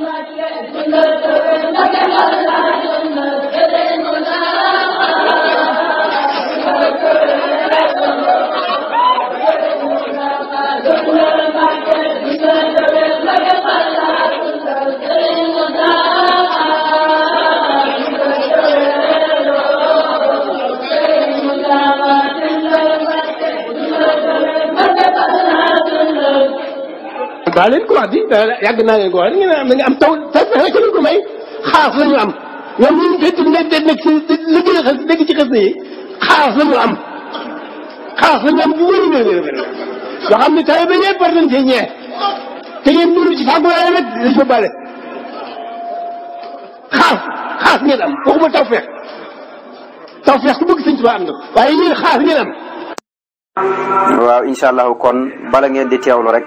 ثم كذبنا maa leen ko wax di yàgg naa leen ko wax ngeen am da nga am taw fexe rek lañ ko may xaas la ñu am ñoom ñun fekk nañ leen nekk si li gën a xas dégg ci xas yi xaas la ñu am xaas la ñu am bu wér a wér yoo xam ne taw bi ñëpp war nañ cee ñeent te ngeen dund ci tàgguwaay rek dañ ko bale xaas xaas ngeen am waxuma taw feex taw feex ku bëgg sëñ Tuubaa am na waaye ñun xaas ngeen am. waaw incha allah kon bala ngeen di teewlu rek.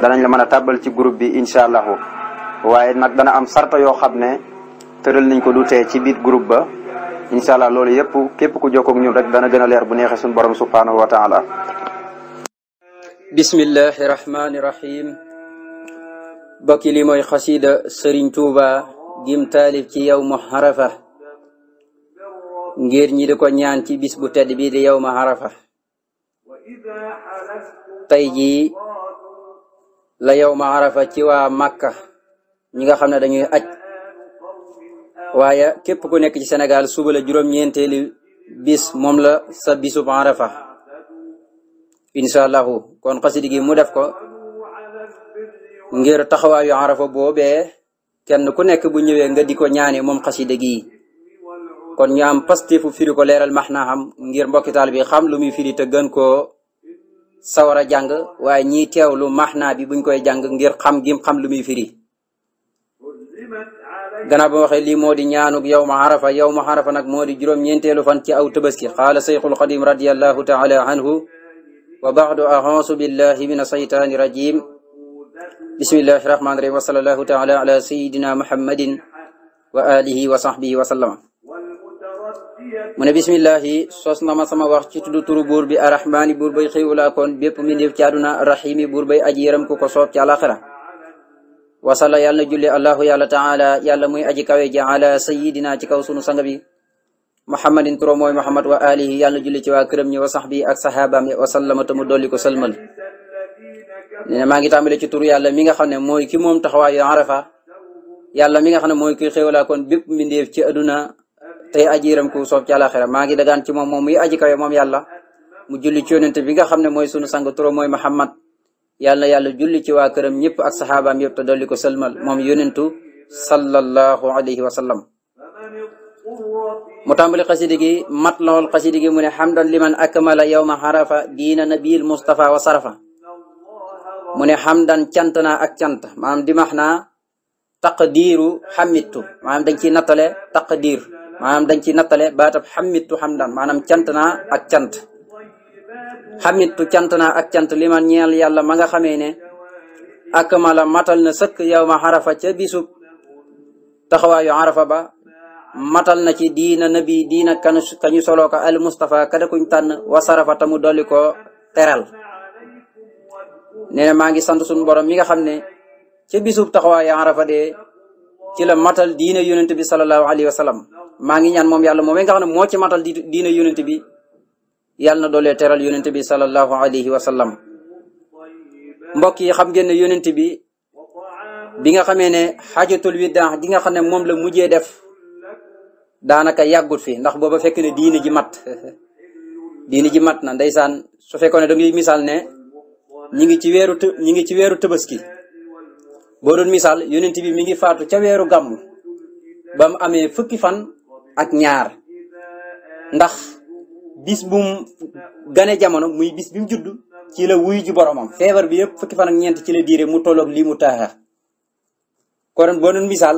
danañ la mën a tàbbal ci groupe bi incha allahu waaye nag dana am sarta yoo xam ne tëral nañ ko du tee ci biir groupe ba incha allah loolu yëpp képp ku jokkoog ñun rek dana gën a leer bu neexee suñu borom subhanahu wa taala bismillahi rahmaani rahim bokki li mooy xasida sëriñ tuuba gim taalif ci yow mu xarafa ngir ñi ko ñaan ci bis bu tedd bii di yow ma xarafa tey jii la yow ma arafa ci wa Makka ñi nga xam ne dañuy aj waaye képp ku nekk ci Sénégal suba la juróom-ñeenteeli bis moom la sa bisub arafa incha allahu kon xasidi gi mu def ko ngir taxawaayu arafa boobee kenn ku nekk bu ñëwee nga di ko ñaane mom xasida gi kon ñu am pastefu firi ko leeral maxnaam ngir mbokki bi xam lu firi te gën koo sawar a jàng waaye lu max naa bi buñ koy jàng ngir xam gim xam lu mi firi gannaaw boo waxee lii moo di ñaanug yow ma arafa yow ma arafa nag moo di juróom-ñeenteelu fan ci aw tabaski xaala sayxul xadim radiallahu taala anhu wa baxdu axoosu billahi min asaytaani rajim bismillahi rahmaani rahim wa salallahu taala ala sayidina muhammadin wa alihi wa sahbihi wa sallama mu ne bismillahi sos na ma sama wax ci tudd turu buur bi arrahmaani buur bay xiwulaa koon bépp mbindeef ci àdduna rahimi buur bay aji yërëm ku ko soob ci àlaxira wasala yàlla na julli allahu yàlla taala yàlla muy aji kawe ji ala sayidina ci kaw sunu sang bi muhammadin turo mooy muhammad wa alihi yàlla na julli ci waa këram ñi wa sax bi ak saxaabaam wa sallama tamu dolli ko sëlmal nee na maa ngi tàmbale ci turu yàlla mi nga xam ne ki moom taxawaayu arafa yàlla mi nga xam ne ki xéewalaa tey aji yërëm ku soob ci àlaxira maa ngi dagaan ci moom moom muy aji kawe moom yàlla mu julli ci yonente bi nga xam ne mooy sunu sang turo mooy Muhammad yàlla yàlla julli ci waa këram ñëpp ak saxaabaam yëpp te dolli ko sëlmal moom yonentu sallallahu alayhi wa sallam mu tàmbali xasidi gi mat lool xasidi gi mu ne xamdan liman akmala yowma xarafa diina nabil mustafa wa sarafa mu ne xamdan cant naa ak cant maanaam dimax naa taqdiiru xamittu maanaam dañ ciy nattale taqdiir maanaam dañ ciy nattale baatab xamittu xamdan maanaam cant naa ak cant xamittu cant naa ak cant li man ñeel yàlla ma nga xamee ne ak akmala matal na sëkk yow ma xarafa ca bisub taxawaayu xarafa ba matal na ci diina nabi diina kan kañu soloo ko al Mustafa kada kuñ tànn wasarafa tamu dolli ko teral ne maa ngi sant suñu borom mi nga xam ne ca bisub taxawaayu xarafa de ci la matal diina yonent bi sallallahu alayhi wa maa ngi ñaan moom yàlla moom nga xam ne moo ci matal di diina yonent bi yàlla na doolee teral yonent bi sallallahu alayhi wa sallam mbokk yi xam ngeen ne yonent bi bi nga xamee ne xajatul widaa di nga xam ne moom la mujjee def daanaka yàggut fi ndax ba fekk ne diina ji mat diina ji mat na ndeysaan su fekkoon ne da ngay misaal ne ñi ngi ci weeru të ñi ngi ci weeru tëbaski boo doon misaal yonent bi mi ngi faatu ca weeru gàmm ba mu fukki fan ak ñaar ndax bis bum gane jamono muy bis bi mu judd ci la wuy ji boromam feebar bi yëpp fukki fan ak ñeent ci la diire mu tolloog lii mu taaxa kon boo doon misaal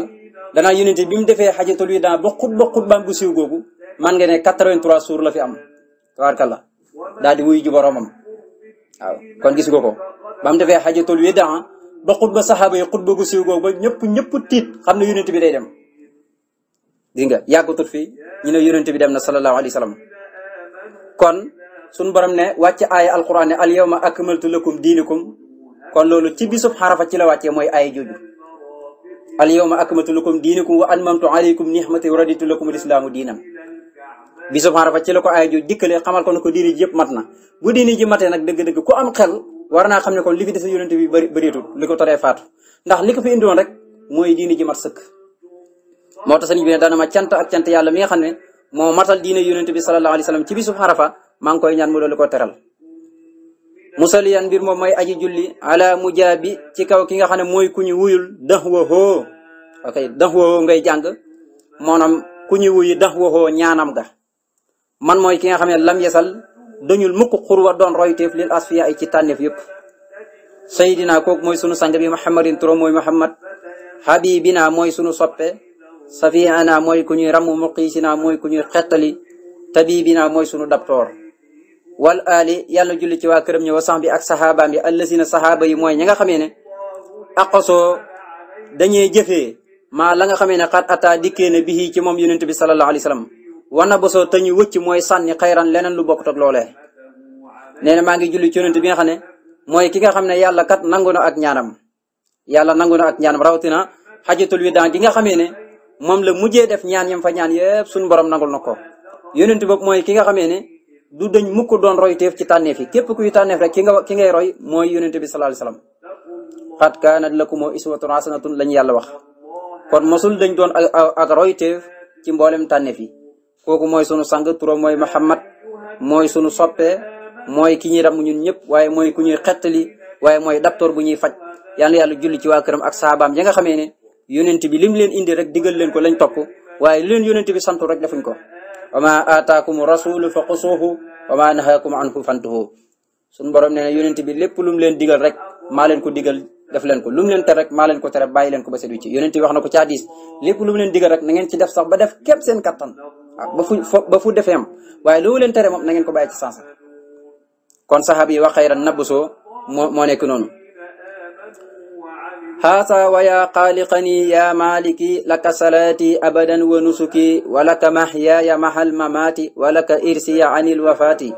danaa yonente bi mu defee xajatul wi daan ba xut ba xut baam bu googu man nga ne 83 jours la fi am tabaarkalla daal di wuy ji boromam waaw kon gis nga ko ba defee xajatul wi daan ba xut ba saxaaba yi xut ba gu googu ba ñëpp ñëpp tiit xam na yonente bi day dem di nga yàggatut fii ñu ne bi dem na sallallahu alayhi wa sallam kon suñu borom ne wàcc aaya alquran ne al yawma akmaltu lakum diinikum kon loolu ci bisub xarafa ci la wàccee mooy aaya jooju al yawma akmaltu lakum diinikum wa atmamtu alaykum nihmati wa raditu lakum al islaamu diinan bisub xarafa ci la ko aaya jooju dikkalee xamal ko ne ko diini ji yëpp mat na bu diini ji matee nag dëgg-dëgg ko am xel war naa xam ne kon li fi des yonent bi bari bëreetul li ko teree faatu ndax li ko fi indiwoon ji mat sëkk moo tax sëriñ bi ne dana ma cant ak cant yàlla mi nga xam ne moo matal diine yonent bi sallallahu alayhi wasallam ci bisu xarafa maa ngi koy ñaan mu doolu ko teral musaliyan mbir moom mooy aji julli ala mujaabi ci kaw ki nga xam ne mooy ku ñu wuyul dax waxoo ok dax waxoo ngay jàng moonoom ku ñu wuyi dax waxoo ñaanam ga man mooy ki nga xam ne lam yesal dañul mukk xurwa doon royteef lil asfiya ay ci tànneef yëpp sayidina kooku mooy sunu sàng bi muhammadin turo mooy muhammad habibina mooy sunu soppe safiana mooy ku ñuy ramu muqiisina mooy ku ñuy xettali tabibina mooy sunu dabtoor wal ali yàlla julli ci waa këram ñi wa sax bi ak saxaabaam bi allasina saxaaba yi mooy ñi nga xamee ne aqasoo dañuy jëfee maa la nga xamee ne xat ataa dikkee ne bii ci moom yonent bi sallallahu alayhi wa sallam wana bosoo te ñu wëcc mooy sànni xayran leneen lu bokk to loole nee na maa ngi julli ci yonent bi nga xam ne mooy ki nga xam ne yàlla kat nangu no ak ñaanam yàlla nangu moom la mujjee def ñaan yam fa ñaan yëpp suñu borom nangul na ko yonent boobu mooy ki nga xamee ne du dañ mukk doon roy teef ci tànneef yi képp kuy tànneef rek ki nga ki ngay roy mooy yonent bi sallallahu alayhi wasallam xat kaanat lakum uswatun hasanatun lañ yàlla wax kon mosul dañ doon ak roy ci mboolem tànneef yi kooku mooy sunu sang turam mooy Muhammad mooy sunu soppee mooy ki ñuy ram ñun ñëpp waaye mooy ku ñuy xettali waaye mooy daktoor bu ñuy faj yàlla yàlla julli ci waa këram ak saabaam ya nga xamee ne yonent bi lim leen indi rek digal leen ko lañ topp waaye leen yonent bi santu rek defuñ ko wa ma aataakum rasulu fa xusuuhu wa ma nahaakum anhu fantuhu suñ borom nee na yonent bi lépp lu mu leen digal rek maa leen ko digal def leen ko lu leen tere rek maa leen ko tere bàyyi leen ko ba seet ci yonent bi wax na ko ci hadis lépp leen digal rek na ngeen ci def sax ba def képp seen kattan ba fu ba defee waaye lu leen tere moom na ngeen ko bàyyi ci sansa kon yi wax xayran nabusoo moo moo nekk noonu haasa wa yaa xaaliqanii yaa maaliki salaati abadan wa nusuki wa laka mahyaaya mahal mamaati wa laka irsiya anil wafaati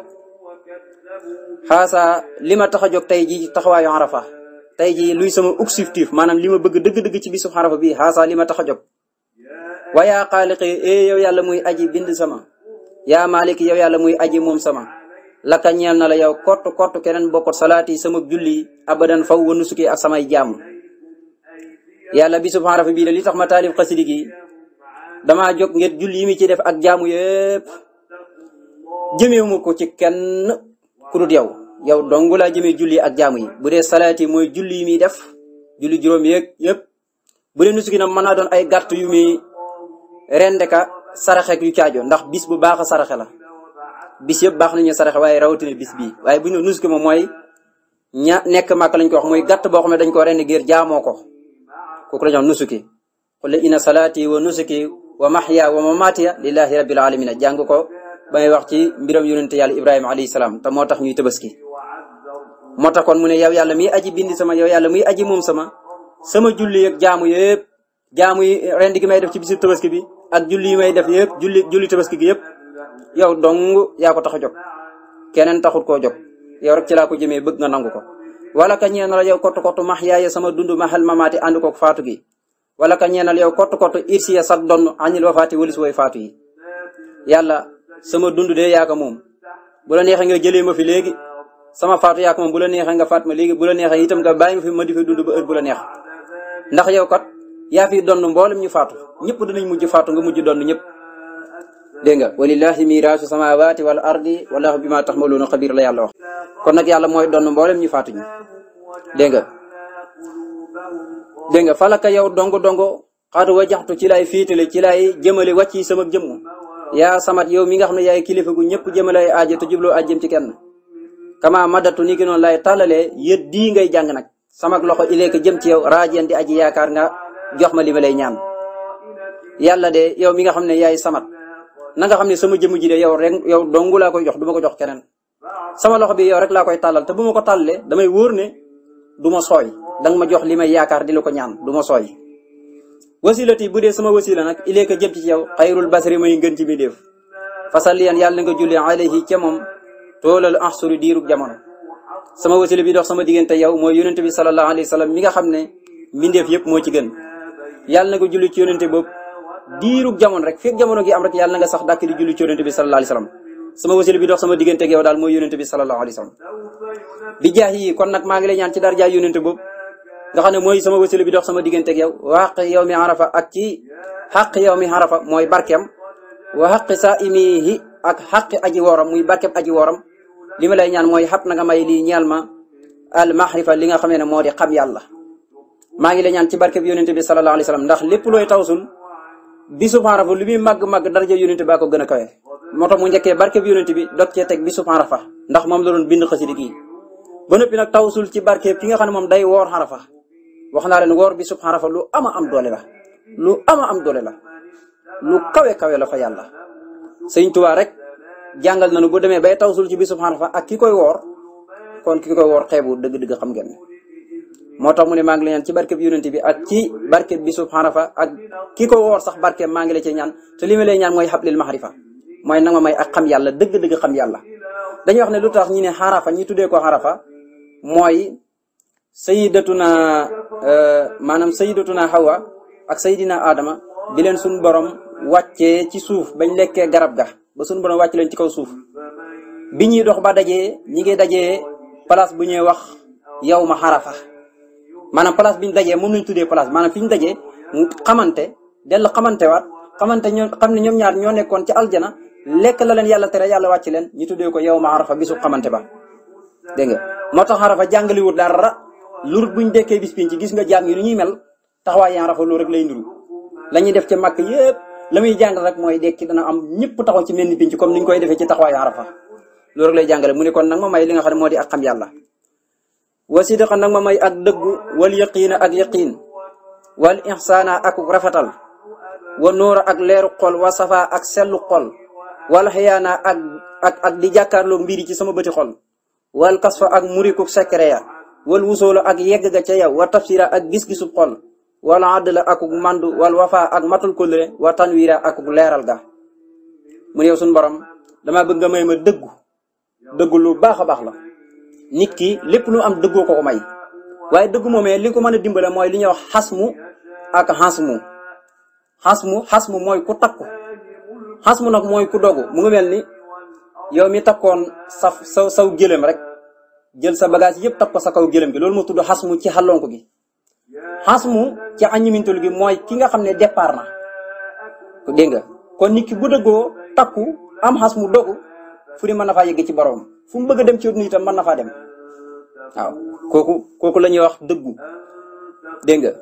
haasa li ma tax a jóg tey jii taxawaayu arafa tey jii luy sama objectif maanaam li ma bëgg dëgg-dëgg ci bisu arafa bi haasa li ma tax a jóg wa yaa xaaliqi eh, yàlla muy aji bind sama yaa maaliki yow yàlla muy aji moom sama laka ñeel na la yow kott kott keneen bokkut salaati sama julli abadan faw wa nusuki ak samay jaamu yàlla bi subhaana rafi bii la li tax ma taalif xasidi gi damaa jóg ngir julli yi mi ci def ak jaamu yëpp jëmeewuma ko ci kenn ku dut yow yow dong laa jëmee julli ak jaamu yi bu dee salaati mooy julli yi muy def julli juróom yeeg yëpp bu dee nusuki nag mën naa doon ay gàtt yu muy rendeka saraxeek yu caajo ndax bis bu baax a saraxe la bis yëpp baax nañu saraxe waaye rawatina bis bii waaye bu ñu nusuki moom mooy ña nekk màkk lañ ko wax mooy gàtt boo xam ne dañ ko rend ngir jaamoo ko kooku la ñu wax nusuki qul inna salaati wa nusuki wa mahya wa mamatiya lillahi rabbil alamina jàng ko ba ngay wax ci mbiram yonente yàlla ibrahima alayhi salaam te moo tax ñuy tabaski moo tax kon mu ne yow yàlla muy aji bindi sama yow yàlla muy aji moom sama sama julli ak jaamu yëpp jaamu yi rend gi may def ci bisu tabaski bi ak julli yi may def yëpp julli julli tabaski gi yëpp yow dong yaa ko tax a jóg keneen taxut koo jóg yow rek ci laa ko jëmee bëgg nga nangu ko wala ka ñeenal yow kottu kottu max yaay sama dund maxal mamaati ànd koog faatu gi wala ka ñeenal yow kottu kottu irsiya sag donn añil wafaati wëlis woy faatu yi yàlla sama dund dee yaaka moom bu la neexee nga jëlee ma fi léegi sama faatu yaaka moom bu neexee nga faat ma léegi bu la neexee itam nga bàyyi ma fi ma di fi dund ba heure bu la neex ndax yow kat yaa fi donn mboolem ñu faatu ñëpp dinañ mujj faatu nga mujj donn ñëpp dégg nga walillahi miraasu samawati wal ardi wallahu bima taxmaluuna xabir la yàlla wax kon nag yàlla mooy doon mboolem ñu faatuñu dégg nga dégg nga falaka yow dongo dongo wa wajaxtu ci lay fiitale ci lay jëmale wàcc sama jëmm yaa samat yow mi nga xam ne yaay kilifa gu ñëpp jëmale ay aajo te jubloo ajjëm ci kenn kama madatu ni ki noonu lay tàllalee yët dii ngay jàng nag samak loxo ileeka jëm ci yow raajeen di aji yaakaar nga jox ma li ñaan yàlla nanga xam ne sama jëmm ji de yow rek yow dongu laa koy jox du ma ko jox keneen sama loxo bi yow rek laa koy tàllal te bu ko tàllee damay wóor ne du ma sooy danga ma jox li may yaakaar di la ko ñaan du ma sooy. wasilati bu dee sama wasila nag ileeka jëm ci yow xayrul basri may ngën ci mi def fasalliyan yàlla nga julli alayhi ca moom toolal ahsuri diirug jamono sama wasila bi dox sama diggante yow mooy yonente bi sallallahu alayhi wa sallam mi nga xam ne mbindeef yëpp moo ci gën yàlla na ko julli ci yoonante boobu diirug jamono rek fekk jamono gi am rek yàlla na nga sax dàkk di julli ci yonente bi sallallahu alayhi wasallam sama wasilu bi dox sama diggante ak yow daal mooy yonente bi sallallahu alayhi bi jaax yi kon nag maa ngi lay ñaan ci darjaay yonente boobu nga xam ne mooy sama wasilu bi dox sama diggante ak yow wa xaq yow mi arafa ak ci xaq yow mi arafa mooy barkeem wa xaq saimihi ak xaq aji wooram muy barkeem aji wooram li ma lay ñaan mooy xab na nga may lii ñeel ma al maxrifa li nga xamee ne moo di xam yàlla maa ngi lay ñaan ci barkeb yonente bi sallallahu alayhi wasallam ndax lépp looy tawsul bi subhaan rafa lu muy màgg-màgg daraja yonente baa ko gën a kawe mu njëkkee barke bi yonente bi dog cee teg bi subhaan rafa ndax moom la doon bind xasidi gii ba noppi nag tawsul ci barke ki nga xam ne moom day woor xarafa wax naa leen woor bi subhaan rafa lu ama am doole la lu ama am doole la lu kawe kawe la fa yàlla sëñ Tuubaa rek na nañu bu demee bay taw tawsul ci bi subhaan fa ak ki koy woor kon ki koy woor xeebu dëgg-dëgg xam ngeen moo tax mu ne maa ngi la ñaan ci barkeb yonent bi ak ci barkeb bi subhaana fa ak ki ko woor sax barkeb maa ngi la ci ñaan te li ma lay ñaan mooy xablil maxarifa mooy nanga may ak xam yàlla dëgg-dëgg xam yàlla dañuy wax ne lu tax ñi ne xarafa ñi tuddee ko xarafa mooy sayidatuna euh, maanaam sayidatuna hawa ak sayidina adama bi leen suñ borom wàccee ci suuf bañ lekkee garab ga ba suñ borom wàcc leen ci kaw suuf bi ñuy dox ba dajee ñi ngi dajee place bu ñuy wax yow ma xarafa maanaam place bi ñu dajee moom lañ tuddee place maanaam fi ñu dajee xamante dellu xamante waat xamante ñoo xam ne ñoom ñaar ñoo nekkoon ci aljana lekk la leen yàlla tere yàlla wàcc leen ñu tuddee ko yow ma rafa bisu xamante ba dégg nga moo tax arafa jàngaliwut dara lurut buñ dekkee bis piin ci gis nga jaam yi lu ñuy mel taxawaay arafa loolu rek lay nduru la ñuy def ci màkk yëpp la muy jàng rek mooy dekki dana am ñëpp taxaw ci mel loolu rek lay jàngale mu ne kon nag ma may li nga xam ne moo di ak xam yàlla wa sidqa nag ma may ak dëggu wal yaqiina ak yaqiin wal ihsaana ak rafetal wa nuura ak leeru xol wa safa ak sellu xol wal xiyaana ak ak ak di jàkkaarloo mbiri ci sama bëti xol wal kasfa ak muriku sekere ya wal wusoolo ak yegg ga ca wa tafsira ak gis-gisu xol wal adla akuk mandu wal wafa ak matul kolre wa tanwira akuk leeral ga mu yow suñu borom dama bëgg nga may ma dëggu dëggu lu baax a baax la nit ki lépp lu am dëggoo ko may waaye dëgg moomee li ko mën a dimbale mooy li ñuy wax mu ak mu xas mu mooy ku takku xas mu nag mooy ku dogu mu ngi mel ni yow mi takkoon sa sa saw gëlëm rek jël sa bagage yëpp takk ko sa kaw gëlëm gi loolu moo tudd xasmu ci xàllonko gi mu ci añimintul gi mooy ki nga xam ne départ na dégg nga kon nit ki bu dëggoo takku am xasmu dogu fu di mën a faa yegg ci borom. fu mu bëgg a dem ci nit itam man na faa dem waaw kooku kooku la ñuy wax dëggu dégg nga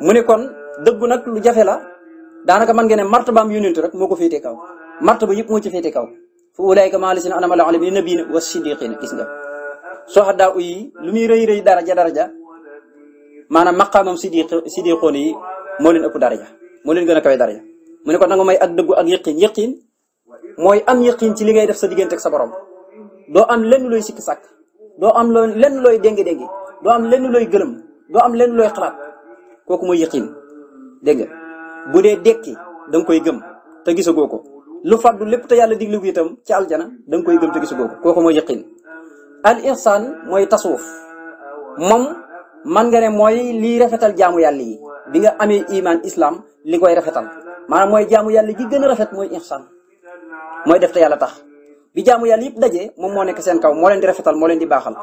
mu ne kon dëggu nag lu jafe la daanaka man ngeen ne martabaam yonent rek moo ko féete kaw martaba yëpp moo ci féete kaw fa ulaayka maa lazina an'ama Allaahu alayhim mina nabiyyiina si siddiqiina gis nga soxadaa u yi lu muy rëy rëy daraja daraja maanaam maqaamam siddiq siddiqoon yi moo leen ëpp daraja moo leen gën a kawe daraja mu ne kon nanga may ak dëggu ak yëqin yëqin mooy am yëqin ci li ngay def sa diggante sa borom doo am lenn looy sikki sàkk doo am loo lenn looy dénge-dénge doo am looy gëlëm doo am lenn looy xalaat kooku mooy yëqin dégg bu dee dekki da nga koy gëm te gisagoo ko lu fàddu lépp te yàlla diglu itam ci aljana da koy gëm te gisagoo ko kooku mooy yëqiin al ihsaan mooy tasawuf moom man nga ne mooy lii rafetal jaamu yàlla yi bi nga amee iman islaam li koy rafetal maanaam mooy jaamu yàlla gi gën a rafet mooy ihsaan mooy def te yàlla tax bi jaamu yàlla yëpp dajee moom moo nekk seen kaw moo leen di rafetal moo leen di baaxal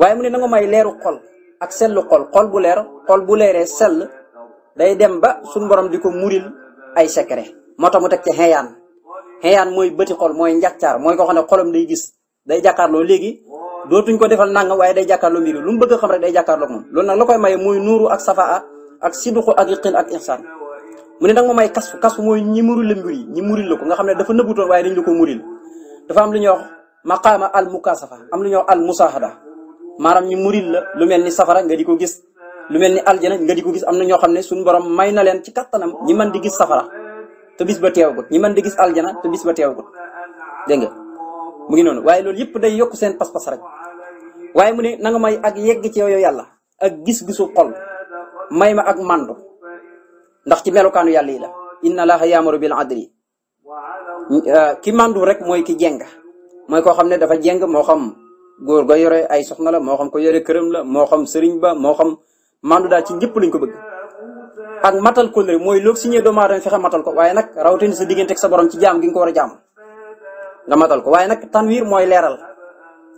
waaye mu ne na may leeru xol ak sellu xol xol bu leer xol bu leeree sell day dem ba suñu borom di ko muril ay secret moo tax mu teg ci xeyaan xeyaan mooy bëti xol mooy caar mooy ko xam ne xolam day gis day jàkkaarloo léegi dootuñ ko defal nangam waaye day jàkkaarloo mbir lu mu bëgg xam rek day jàkkaarloo moom loolu nag la may muy nuuru ak safaa ak sidduqu ak yiqin ak ihsaan mu ne nag ma may mooy ñi muril la mbir yi nga xam ne dafa nëbbutoon waaye dañ la ko muril dafa am lu ñuy wax maqaama al mukasafa am lu ñuy wax al musahada maanaam ñu muril la lu mel ni safara nga di ko gis lu mel ni aljana nga di ko gis am na ñoo xam ne suñu borom may na leen ci kattanam ñi man di gis safara te bis ba teewagut ñi man di gis aljana te bis ba teewagut dégg nga mu ngi noonu waaye loolu yëpp day yokk seen pas-pas rek waaye mu ne na may ak yegg ci yow yàlla ak gis-gisu xol may ma ak màndu ndax ci melukaanu yàlla yi la inna allaha yaamuru bil adli Euh, ki mandu rek mooy ki jeng mooy koo xam ne dafa jeng moo xam góor ga yore ay soxna la moo xam ko yore këram la moo xam sëriñ ba moo xam mandu daal ci ñëpp lañ ko bëgg ak matal ko léegi mooy loog signé doomu aadama fexe ko waaye nag rawatina sa diggante sa borom ci jaam ko war a jaam nga matal ko waaye nag tanwiir mooy leeral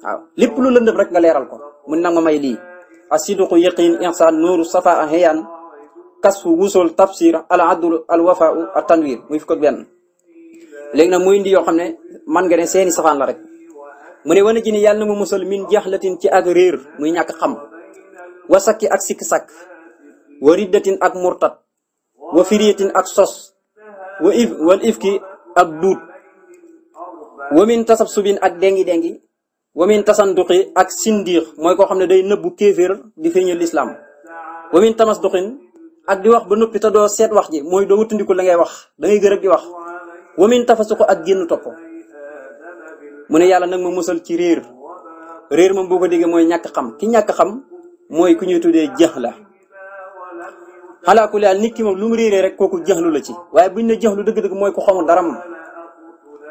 waaw lépp lu lëndëm rek nga leeral ko mun na nga may lii asiduqu yaqin insan nuuru safa a xeyaan kasfu wusul tafsir al adlu al wafaau a tanwir muy fukk ak benn léegi nag muy indi yoo xam ne man nga ne seeni safaan la rek mu ne wana ji ni yàlla na mu musal min jaxlatin ci ak réer muy ñàkk xam wasakki ak sikk-sakk wa riddatin ak murtat wa firiyatin ak sos wa if wal ifki ak duut wa min tasab subin ak dengi-dengi wa min tasanduqi ak sindiix mooy ko xam ne day nëbbu kéeféer di feeñal lislaam wa min tamasduqin ak di wax ba noppi te doo seet wax ji mooy doo wutandiku la ngay wax da ngay gërëb di wax wamin ko ak génn topp mu ne yàlla nag ma musal ci réer réer moom boo ko déggee mooy ñàkk xam ki ñàkk xam mooy ku ñuy tuddee jeex la xalaa ku laal nit ki moom lu mu réeree rek kooku jeexlu la ci waaye buñ ne jeexlu dëgg-dëgg mooy ku xamul dara moom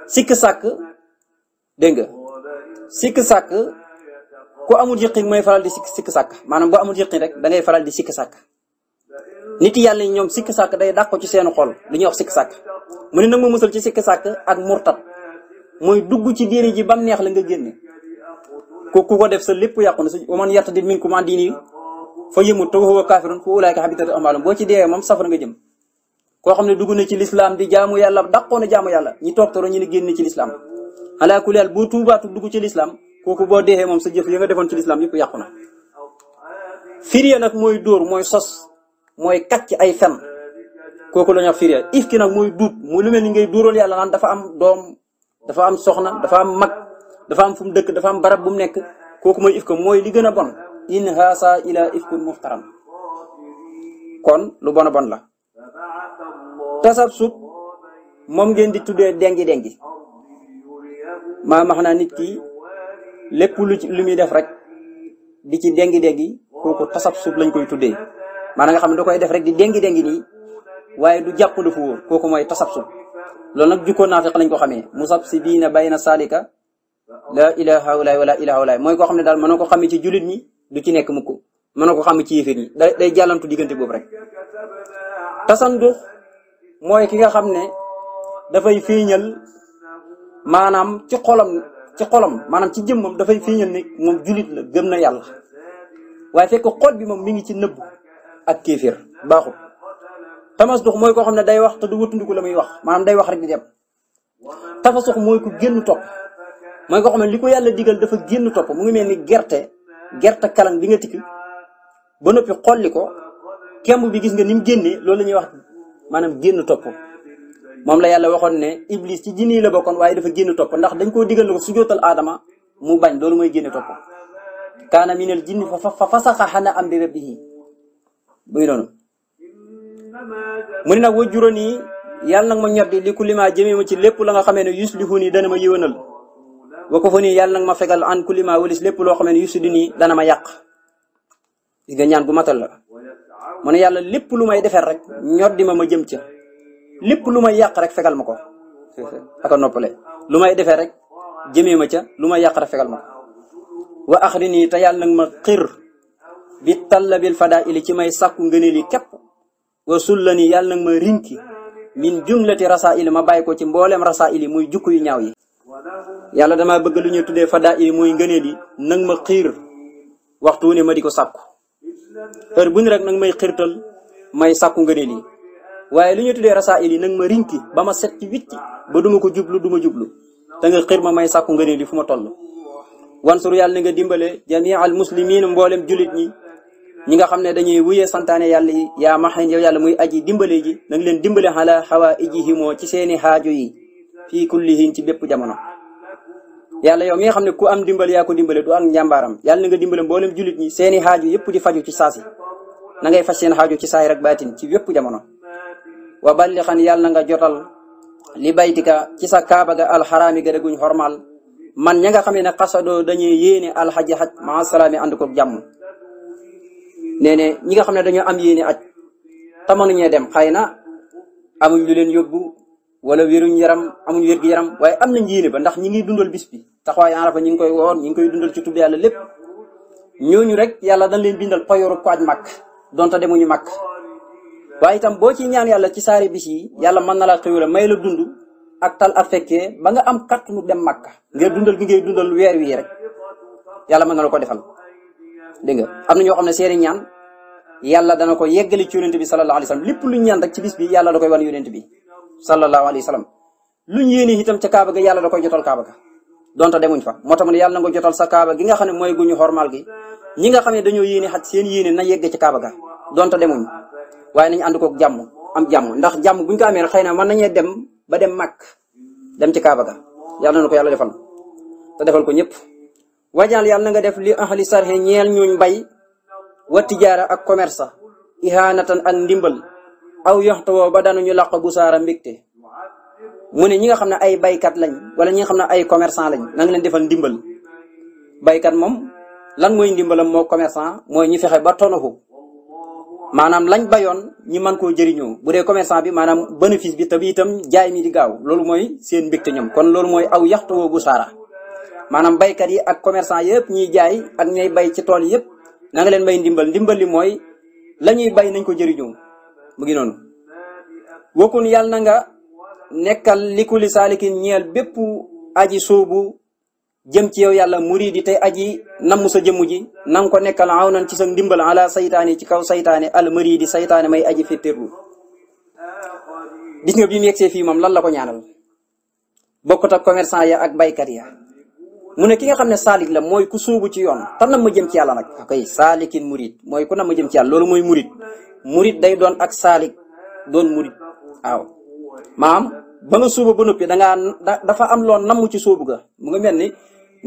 sikk sàkk dégg nga sikk sàkk ku amul yëqin mooy faral di sikk sikk sàkk maanaam boo amul yëqin rek da ngay faral di sikk sàkk nit yàlla yi ñoom sikki sàkk day dàq ko ci seenu xol li ñuy wax sikki sàkk mu ne nag ma musal ci sikki sàkk ak murtat mooy dugg ci diine ji bam neex la nga génne ko ku ko def sa lépp yàqu na sa wa man yartadid minkum an diini fa yamut wa huwa kaafirun fa ulaa'ika habitat a'maaluhum boo ci deewee moom safara nga jëm koo xam ne dugg na ci lislaam di jaamu yàlla dàqoon na jaamu yàlla ñi toog toro ñu ne génn ci lislaam alaa kulli haal boo tubaatu dugg ci lislaam kooku boo deexee moom sa jëf ya nga defoon ci lislaam yëpp yàqu na firiya nag mooy dóor mooy sos mooy kat ci ay fen kooku lañu ñu wax firiya if ki nag mooy duut mu lu mel ni ngay duuroon yàlla naan dafa am doom dafa am soxna dafa am mag dafa am fu dëkk dafa am barab bu mu nekk kooku mooy if ka mooy li gën a bon in haasa ila ifkun muxtaram kon lu bon bon la tasab sub moom ngeen di tuddee dengi dengi maa max naa nit ki lépp lu lu muy def rek di ci dengi dengi kooku tasab sub lañ koy tuddee maanaam nga xam ne da koy def rek di déngi déngi nii waaye du jàpp lu fu wóor kooku mooy tasabsul lool nag jukkoo naafiq lañ ko xamee musab si bii na bayna salika la ilaha walaay wala ilaha walaay mooy koo xam ne daal mënoo ko xamee ci julit ñi du ci nekk mukk mënoo ko xamee ci yéefir ñi day day jàllantu diggante boobu rek mooy ki nga xam ne dafay fiiñal maanaam ci xolam ci xolam maanaam ci jëmmam dafay fiiñal ne moom julit la gëm na yàlla waaye fekk xol bi moom mi ngi ci nëbb ak kéefir baaxul tamasdux mooy koo xam ne day wax te du wëttandiku la muy wax maanaam day wax rek di dem tafasux mooy ku génn topp mooy koo xam ne li ko yàlla digal dafa génn topp mu ngi mel ni gerte gerte kalan bi nga tikk ba noppi xolli ko kemb bi gis nga ni mu génnee loolu la ñuy wax maanaam génn topp moom la yàlla waxoon ne iblis ci jinni la bokkoon waaye dafa génn topp ndax dañ koo digal na ko su jootal aadama mu bañ loolu mooy génn topp kaana minal jinni fa fa fasaxa xana buy noonu mu ne nag wa juróoni yàlla nag ma ñor di li ku limaa jëmee ma ci lépp la nga xamee ne yuslihu nii dana ma yëwanal wa ko fa yàlla nag ma fegal an ku limaa walis lépp loo xamee ne yuslihu nii dana ma yàq li nga ñaan gu matal la mu yàlla lépp lu may defar rek ñor di ma ma jëm ca lépp lu may yàq rek fegal ma ko aka noppale lu may defee rek jëmee ma ca lu may yàq rek fegal ma ko wa axri nii te yàlla nag ma xir bi tallabil fadaili ci may sàkku ngëneel yi képp la sullani yàlla nag ma rinki min jumlati rasaili ma bàyyi ko ci mbooleem rasaili muy jukku yu ñaaw yi yàlla dama bëgga lu ñuy tuddee fadaili muy ngëneel yi nag ma xiir waxtu wu ne ma di ko sàkku heure bu ni rek na may xiirtal may sàkku ngëneel yi waaye lu ñuy tuddee rasaili nag ma rinki ba ma set ci witti ba duma ko jublu ma jublu ta nga xiir ma may sàkku ngëneel yi fu ma toll wansur yàlla na nga dimbale ñi ñi nga xam ne dañuy wuyee santaane yàlla yi yaa maxin yow yàlla muy aji dimbale ji na nga leen dimbale xala xawaa ijihimoo ci seeni xaajo yi fii kullihin ci bépp jamono yàlla yow mi xam ne ku am dimbal yaa ko dimbale du am njàmbaaram yàlla na nga dimbale mboolem julit ñi seeni xaajo yëpp di faju ci saasi na ngay faj seen xaajo ci saay rek baatin ci bépp jamono wa ballixan yàlla na nga jotal li baytika ci sa kaaba ga alxaraami ga dëgguñ xormaal man ña nga xam ne xasadoo dañuy yéene alxaji xaj maa salaami ànd ko jàmm nee ñi nga xam ne dañoo am yéene aj te mënuñee dem xëy na amuñ leen yobbu wala wéruñ yaram amuñ wér yaram waaye am nañ yéene ba ndax ñi ngi dundal bis bi taxawaay Arafa ñi ngi koy woon ñi ngi koy dundal ci tudd yàlla lépp ñooñu rek yàlla dañ leen bindal payoorub ko aj màkk donte demuñu màkk waaye tam boo ci ñaan yàlla ci saari bis yi yàlla mën na laa xëyula may la dund ak tal ak fekkee ba nga am kàttanu dem màkk ngir dundal gi ngay dundal weer wi rek yàlla mën na la ko defal dégg nga am na ñoo xam ne seeni ñaan yàlla dana ko yeggali ci yonent bi sallallahu alayhi wa sallam lépp luñ ñaan rek ci bis bi yàlla da koy wan yonent bi kaaba ga yàlla da koy jotal kaaba ga donte demuñ fa moo tax mu ne yàlla na nga jotal sa kaaba gi nga xam ne mooy guñu xormal gi ñi nga xam ne dañoo yéene xat seen yéene na yegg ci kaaba ga donte demuñ waaye nañ ànd koog jàmm am jàmm ndax jàmm guñ ko amee rek xëy na mën nañu dem ba dem mag dem ci kaaba ga yàlla na ko yàlla defal te defal wajaal yàlla na nga def li ahli sarxe ñeel ñuñ bay wa tijaara ak commerce ihanatan ak ndimbal aw yoxtawoo ba danuñu làq bu saara mbégte mu ne ñi nga xam ne ay baykat lañ wala ñi nga xam ne ay commerçant lañ na leen defal ndimbal baykat moom lan mooy ndimbalam moo commerçant mooy ñi fexe ba tonofu maanaam lañ bayoon ñi mën koo jëriñoo bu dee commerçant bi maanaam bénéfice bi te itam jaay mi di gaaw loolu mooy seen mbégte ñoom kon loolu mooy aw yaxtawoo bu saara maanaam baykat yi ak commerçant yëpp ñiy jaay ak ñay bay ci tool yëpp na leen may ndimbal ndimbal li mooy la ñuy bay nañ ko jëriñoo mu ngi noonu wokkun yàlla na nga nekkal likuli saalikin ñeel bépp aji soobu jëm ci yow yàlla muri di tey aji namm sa jëmm ji na ko nekkal aw nan ci sa ndimbal ala seytaane ci kaw saytaane al muri di saytaane may aji fittirlu gis nga bi mu yegsee fii moom lan la ko ñaanal bokkut ak commerçant ya ak baykat ya mu ne ki nga xam ne saalik la mooy ku sóobu ci yoon ta na ma jëm ci yàlla nag koy saalikin murit mooy ku na ma jëm ci yàlla loolu mooy murit murit day doon ak saalik doon murit waaw maam ba nga sóobu ba noppi da dafa am loo namm ci sóobu ga mu nga mel ni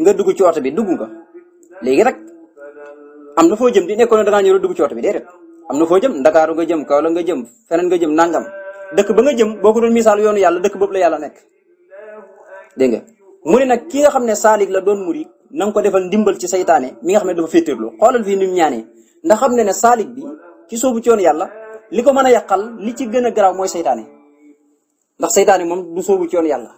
nga dugg ci oto bi dugg nga léegi rek am na foo jëm di nekkoon da ngaa dugg ci bi déedéet am na foo jëm ndakaaru nga jëm Kaolack nga jëm feneen nga jëm nangam dëkk ba nga jëm boo ko doon misaal yoonu yàlla dëkk boobu la yàlla nekk nga mu ne nag ki nga xam ne saalik la doon murid na nga ko defal ndimbal ci seytaane mi nga xam ne dafa féetéerlu xoolal fii ni mu ndax xam ne ne saalik bi ci soobu ci yoon yàlla li ko mën a yàqal li ci gën a garaaw mooy seytaane ndax saytaane moom du soobu ci yoon yàlla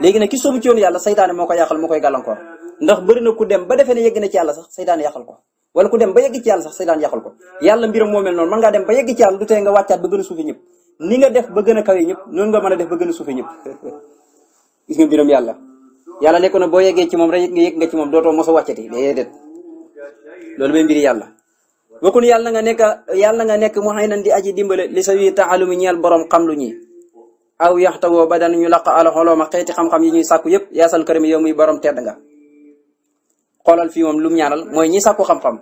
léegi nag ki soobu ci yoon yàlla saytaane moo ko yàqal moo koy gàllankoor ndax bëri na ku dem ba defee ne yegg na ci yàlla sax saytaane yàqal ko wala ku dem ba yegg ci yàlla sax saytaane yàqal ko yàlla mbiram moo mel noonu mën ngaa ba yegg ci yàlla du tee nga wàccaat ba gën a def ba gën a kawe ñëpp nga mën a def ba gën a suufe ñëpp gis nga yàlla yàlla nekk na boo yeggee ci moom rek yegg nga ci moom dootoo mos a wàccati loolu mooy mbiri yàlla bokkul yàlla nga nekk yàlla nga nekk mu xëy nan di aji dimbale li sa wi taalumi ñeel borom xam lu ñi aw yaxtawoo ba daan ñu laq ala xolooma xeeti xam yi ñuy sàkku yëpp yaasal këram yow muy borom tedd nga xoolal fii moom lu mu ñaanal mooy ñi sàkku xam-xam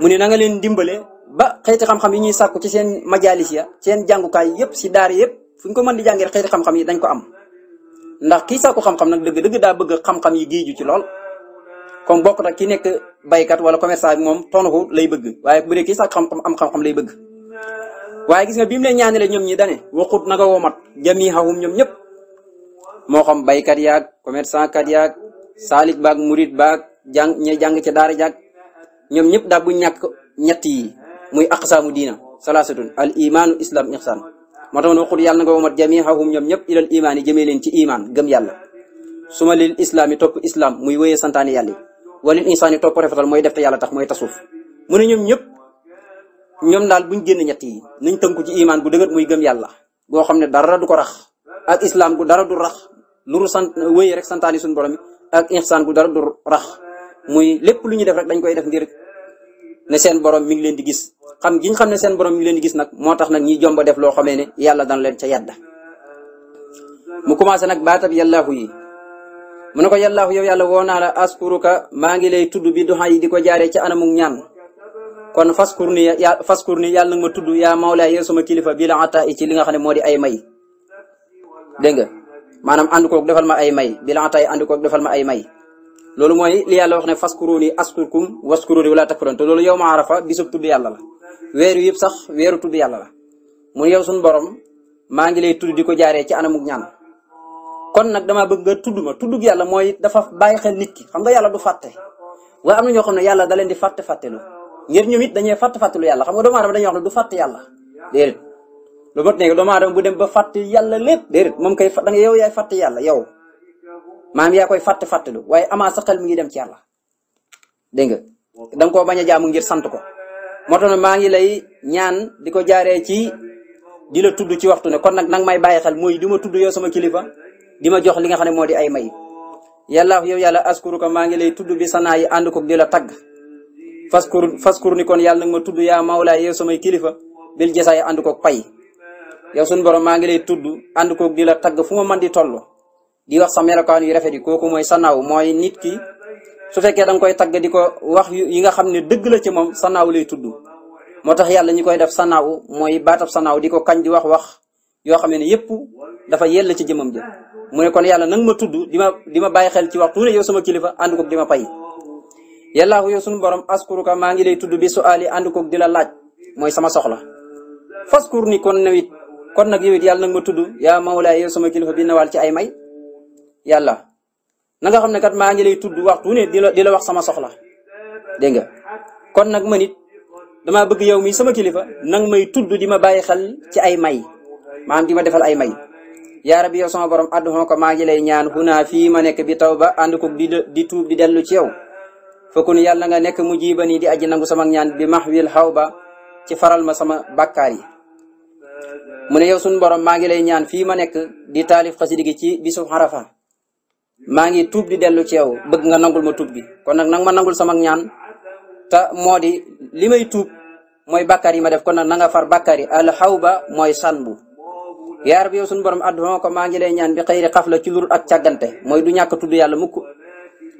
mu ne na nga leen dimbale ba xeeti xam-xam yi ñuy sàkku ci seen majalis ya seen jàngukaay yëpp si daar yëpp fu ñu ko mën di jàngee xeeti xam-xam yi dañ ko am ndax kii sàkku xam-xam nag dëgg dëgg daa bëgg xam-xam yi géeju ci lool kon bokk nag ki nekk baykat wala commerçant bi moom tonuxu lay bëgg waaye bu dee kii sàkku xam-xam am xam lay bëgg waaye gis nga bi mu leen ñaanale ñoom ñi dane waxut naka womat jami xawum ñoom ñëpp moo xam baykat yaag commerçant kat yaag saalik baag murit baag jàng ñe jàng ca daara jaag ñoom ñëpp daa bu ñàkk ñetti yi muy aqsaamu diina salaasatun al imaanu islam ihsan moo tax ne waxul yàlla na nga womat jamihahum ñoom ñëpp ilal imaan yi jëmee leen ci imaan gëm yàlla su ma lil islaam yi topp islaam muy woyee santaani yàlla yi walil insaan yi topp rafetal mooy def te yàlla tax mooy tasuuf mu ne ñoom ñëpp ñoom daal buñ génn ñett yi nañ tënku ci imaan gu dëgër muy gëm yàlla goo xam ne dara du ko rax ak islam gu dara du rax luru sant wéyee rek santaani suñu borom yi ak insaan gu dara du rax muy lépp lu ñuy def rek dañ koy def ngir ne seen borom mi ngi leen di gis xam gi nga xam ne seen borom mi leen gis nag moo tax nag ñiy jomba def loo xamee ne yàlla dana leen ca yàdda mu commencé nag baatab yàllaahu yi mu ne ko yàllaahu yow yàlla woo naa la askuruka maa ngi lay tudd bi duxaa yi di ko jaaree ci anamug ñaan kon faskur ni ya faskur ni yàlla nag ma tudd yaa mawlaa yow sama kilifa bii la ataa ci li nga xam ne moo di ay may dégg nga maanaam ànd koog defal ma ay may bi la ataa ànd kook defal ma ay may loolu mooy li yàlla wax ne faskuruni askurkum waskuruni wala takfurun te loolu yow ma arafa bisub tudd yàlla la weer yëpp sax weeru tudd yàlla la mu yow suñu borom maa ngi lay tudd di ko jaaree ci anamuk ñaan kon nag dama bëgg nga tudd ma tuddug yàlla mooy dafa bàyyi xel nit xam nga yàlla du fàtte waaye am na ñoo xam ne yàlla da leen di fàtte fàttelu ngir ñoom it fàtte fàttelu yàlla xam nga doomu aadama dañuy ne du fàtte yàlla déedéet lu mot bu dem ba fàtte yàlla lépp moom kay da nga yow yaay fàtte yàlla yow maam yaa koy fàtt fàttalu waaye amaa sa xel mu ngi dem ci yàlla dégg nga da koo bañ a jaamu ngir sant ko moo tax maa ngi lay ñaan di ko jaaree ci di la tudd ci waxtu ne kon nag nag may bàyyi xel mooy di ma tudd yow sama kilifa di ma jox li nga xam ne moo di ay may yàlla yow yàlla askuruka maa ngi lay tudd bi sanaa yi ànd ko di la tagg faskur faskur ni kon yàlla nag ma tudd yaa mawlaa yow samay kilifa bil jasaay ànd koog pay yow sunu borom maa ngi lay tudd ànd koog di la tagg fu ma mën di toll di wax sa melokaan yi rafet yi kooku mooy sanaaw mooy nit ki su fekkee da nga koy tagg di ko wax yi nga xam ne dëgg la ci moom sanaaw lay tudd moo tax yàlla ñi koy def sanaaw mooy baatab sanaaw di ko kañ di wax wax yoo xam ne yépp dafa yell ci jëm mu ne kon yàlla nang ma tudd di ma di ma bàyyi xel ci waxtu ne yow sama kilifa ànd koog di ma pay yàllaahu yow sunu borom askuruka maa ngi lay tudd bi su aali ànd koog di la laaj mooy sama soxla faskur ni kon nawit kon nag yow it yàlla nag ma tudd yaa mawlaay yow sama kilifa bi nawaal ci ay may yàlla nanga xam ne kat maa ngi lay tudd waxtu ne di la wax sama soxla dégg nga kon nag man it damaa bëgg yow mi sama kilifa nang may tudd di ma bàyyi xel ci ay may maanaam di ma defal ay may yaa bi yow sama borom addu ko maa ngi lay ñaan naa fii ma nekk bi taw ba ànd ko di di tuub di dellu ci yow fokkun yàlla nga nekk mu jiiba nii di aji sama ñaan bi max wil xaw ba ci faral ma sama bàkkaar yi mu ne yow sunu borom maa ngi lay ñaan fii ma nekk di taalif xasidi gi ci bisu xarafa maa ngi tuub di dellu ci yow bëgg nga nangul ma tuub gi kon nag nanga ma nangul sama ñaan te moo di li may tuub mooy bàkkaar yi ma def kon nag na nga far bàkkaar yi ba mooy sanbu yaa rabbi yow suñu borom adduna ko maa ngi lay ñaan bi xëyri xaf la ci lur ak càggante mooy du ñàkk tudd yàlla mukk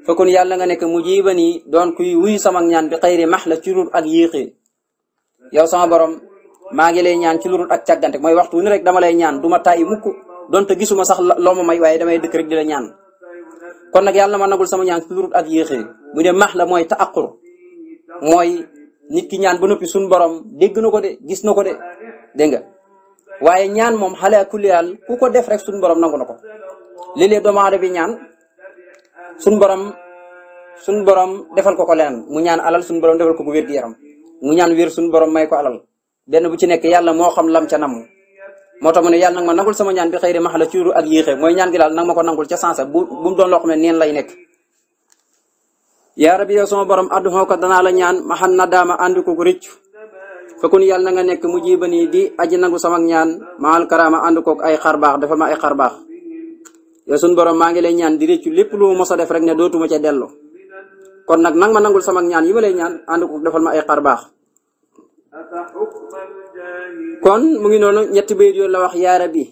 fekkoon yàlla nga nekk mu jiiba nii doon kuy wuy sama ñaan bi xëyri max la ci lur ak yéexee yow sama borom maa ngi lay ñaan ci lur ak càggante mooy waxtu wu ni dama lay ñaan du ma tàyyi mukk donte gisuma sax loo ma may waaye damay dëkk rek la ñaan kon nag yàlla na ma nagul sama ñaan toujours ak yéexee bu ne max la mooy taaqur mooy nit ki ñaan ba noppi suñu borom dégg na ko de gis na ko de dégg nga waaye ñaan moom xale kulli ku ko def rek suñu borom nangu na ko léeg-léeg bi ñaan suñu borom suñu borom defal ko ko leneen mu ñaan alal suñu borom defal ko ko wér-gu-yaram mu ñaan wér suñu borom may ko alal benn bu ci nekk yàlla moo xam lam ca namu moo tax mu ne yàlla nag ma nangul sama ñaan bi xëy na ma xala ciuru ak yéexe mooy ñaan gi daal nag ma ko nangul ca sansa bu bu mu doon loo xam ne neen lay nekk. yaa rabbi yow borom addu xoo ko danaa la ñaan ma xam na daama ànd ko ko rëccu fekkoon yàlla na nga nekk mu jiiba nii di aj nangu sama ñaan ma maal karaama ànd koog ay xar baax dafa ma ay xar baax. sunu borom maa ngi lay ñaan di rëccu lépp lu mu mos a def rek ne dootuma cee dello kon nag nang ma nangul sama ñaan yi ma lay ñaan ànd ko ma ay xar baax kon mu ngi noonu ñetti bayit yooyu la wax yaa bi